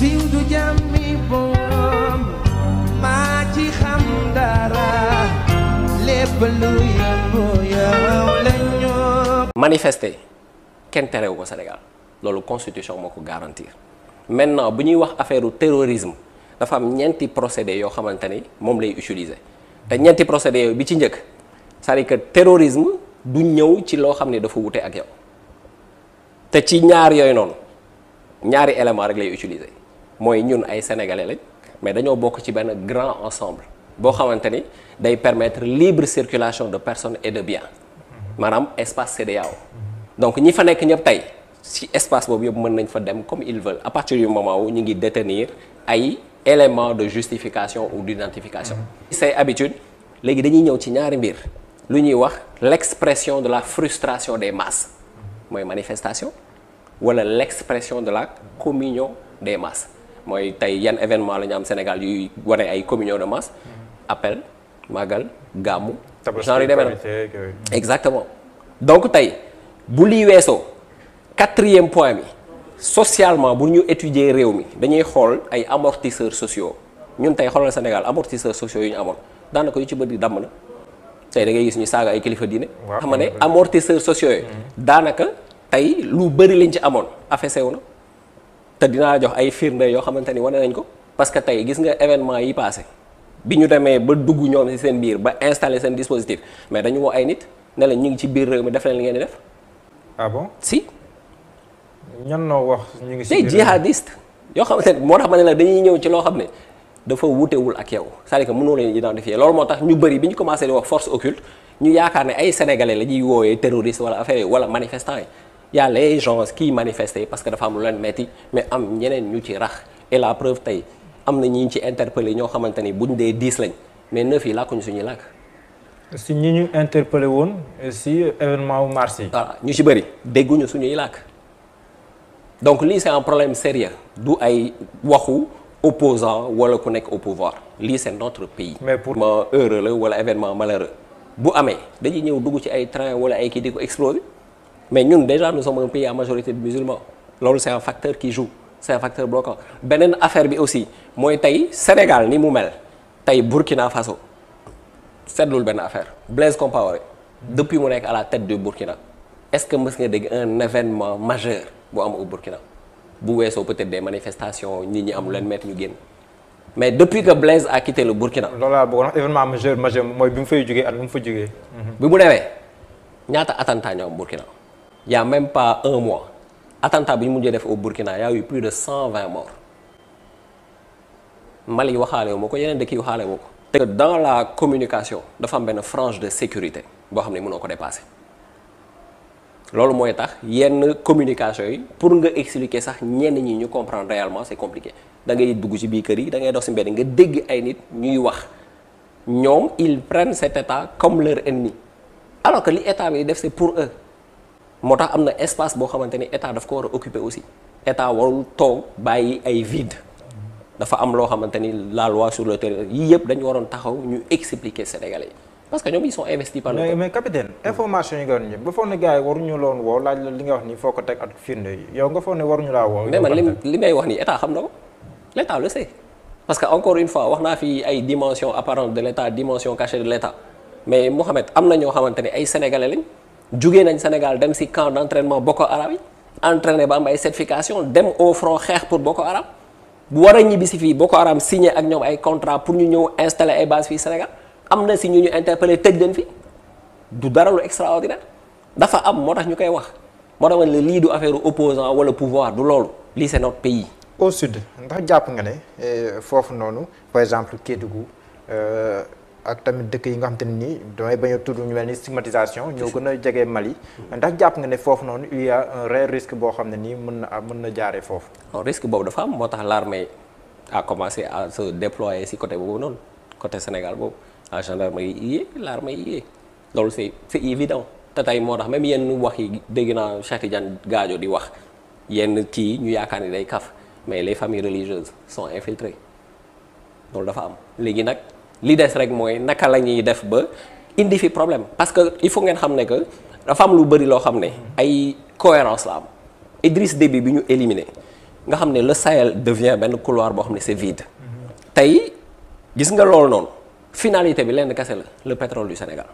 siiw ci manifester kenn terewu ko Sénégal loolu constitution moo ko garantir maintenant bu ñuy wax affaire terrorisme dafa am ñeenti procédé yoo xamante ni moom lay utiliser te ñeenti procédé yooyu bi ci njëkk c'est-à-dire du ñëw ci loo xam ne dafa wute ak yow te ci ñaar yooyu noonu ñaari élément rek lay utilisé Nous ñun ay sénégalais mais dañoo bokk ci grand ensemble Nous xamante day permettre libre circulation de personnes et de biens Nous espace un donc ñi fa nek ñep tay ci espace bobu yëpp meun nañ fa dem comme ils veulent à partir du moment où ñi ngi détenir ay éléments de justification ou d'identification mm-hmm. c'est habitude nous dañuy ñew ci ñaari mbir lu wax l'expression de la frustration des masses une mm-hmm. manifestation ou l'expression de la communion des masses mooy tey yan événement la ñu am Sénégal yuy wane ay communion de masse. Mm-hmm. appel magal gàmmu. genre yu demee na mm-hmm. exactement. donc tey bu lii weesoo quatrième point bi socialement bu ñu étudier réew mi dañuy xool ay amortisseurs sociaux ñun tey xoolal Sénégal amortisseurs sociaux yu ñu amoon daanaka yu ci bët bëri damm na tey da ngay gis ñu saaga ay kilifa diine. ma ne amortisseurs sociaux yi. Mm-hmm. daanaka tey lu bëri lañ ci amoon affaire sew na. te dinaa jox ay firnde yoo xamante ni wane nañ ko parce que tey gis nga événement yi passé bi ñu demee ba dugg ñoom ci seen biir ba installé seen dispositif mais dañu woo ay nit ne la ñu ngi ci biir réew mi def leen li ngeen di def. ah bon si. ñan noo wax ñu ngi ci biir jihadiste yoo xamante ni moo tax ma ne la dañuy ñëw ci loo xam ne dafa wutewul ak yow c'est-à-dire que mënoo leen identifier loolu moo tax ñu bëri bi ñu commencé di wax force occulte ñu yaakaar ne ay sénégalais la ñuy woowee terroriste wala affaire wala manifestant yi. y a les gens qui manifestaient parce que dafa am lu leen metti mais am ñeneen ñu ci rax et la preuve tay am na ñi ci interpeller ño xamanteni buñ dé 10 lañ mais neuf yi làkkuñu suñu làkk. si ñi ñu interpeller won si événement wu mars voilà ñu ci bëri dégguñu suñu làkk donc li c'est un problème sérieux du ay waxu opposant wala ku nek au pouvoir li c'est notre pays. mais pour ma heureux la wala événement malheureux bu amé, dañuy ñëw dugg ci ay train wala ay ki di ko exploser mais nous déjà nous sommes un pays à majorité de musulmans c'est un facteur qui joue c'est un facteur bloquant une affaire bi aussi mooy tey Sénégal ni mu mel Burkina Faso seetlul ben, affaire Blaise Compaoré depuis mon nekk à la tête du Burkina est-ce que vous avez un événement majeur au Burkina Vous avez peut-être des manifestations ni ni am mettre mais depuis que Blaise a quitté le Burkina. C'est un événement majeur majeur mooy bi mu fay jógee at bi mu fa Il bi a attentat ñoo au Burkina. Y'a a même pas un mois attentat bi ñu mujjee def au Burkina y a eu plus de 120 morts Mali waxaale moo ko yeneen dëkk yi ko. te dans la communication dafa am ben frange de sécurité bo xam ne ko dépasser loolu moy tax yenn communication yi pour nga expliquer sax ñen ñi ñu comprendre réellement c'est compliqué da ngay dugg ci bi kër yi da ngay dox ci mbedd nga dégg ay nit ñuy wax ñom ils prennent cet état comme leur ennemi alors que li état bi def c'est pour eux. moo tax am na espace boo xamante ni état daf ko war a occuper aussi état warul toog bàyyi ay vide dafa am loo xamante ni la loi sur le terrain yii yëpp dañu waroon taxaw ñu expliquer Sénégalais yi parce que ñoom ils sont investis par information yi nga wax nii ba la li wax nii foo ko teg ak firnde yi mais man li may wax nii état xam na ko l' le sait parce que encore une fois wax naa fi ay dimension apparente de l' état dimension cachée de l' mais Mouhamed am na ñoo xamante ni ay sénégalais lañ. jugee nañ Sénégal dem ci camp d'entraînement Boko Haram entraîné ba ay certification dem au front xeex pour Boko Haram bu wara a ñibbi si Boko Haram signé ak ñom ay contrat pour ñu ñëw installer ay base fi Sénégal amna na si ñu ñu interpeller tej leen fi du dara lu extraordinaire dafa am motax tax ñu koy wax moo tax ma ne du affaire opposant wala pouvoir du lolu li c'est notre pays. au sud ndax japp nga ne eh, fofu noonu par exemple Kédougou. euh ak tamit dëkk yi nga xam te ne nii damay bañ a tudd ñu mel ni stigmatisation ñoo gën a jege Mali ndax jàpp nga ne foofu noonu a un réel risque boo xam ne nii mën na am mën na jaaree foofu risque boobu dafa am moo tax l'armée a commencé à se déployer si côté boobu noonu côté Sénégal boobu la gendarmerie y est l'armée loolu c'est fi évident te tey moo tax même yenn wax yi dégg naa Cheikh Tidiane gaajo di wax yenn kii ñu yaakaar ni day kaf mais les familles religieuses sont infiltrées loolu dafa am léegi nag li des rek mooy naka la ñuy def ba indi fi problème parce que il faut ngeen xam ne que dafa lu bëri loo xam ne ay cohérence la am Idriss Déby bi ñu éliminer nga xam ne le Sahel devient benn couloir boo xam ne c'est vide tey gis nga loolu noonu finalité bi lenn kese la le pétrole du Sénégal.